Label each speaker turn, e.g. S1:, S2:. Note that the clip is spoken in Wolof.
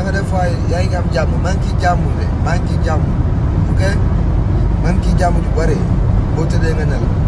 S1: na nga def waaye yaa ngi am jàmm maa ngi ciy jàmm de maa ngi ciy jàmm ok maa ngi ciy jàmm ju bare boo tëddee nga